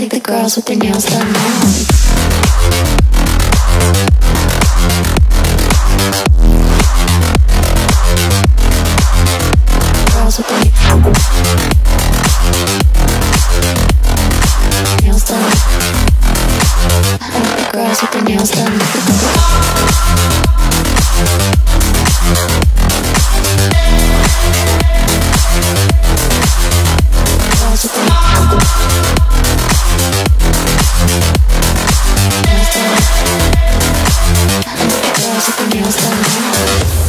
like the girls with their nails done now. girls with their nails done. Thank you.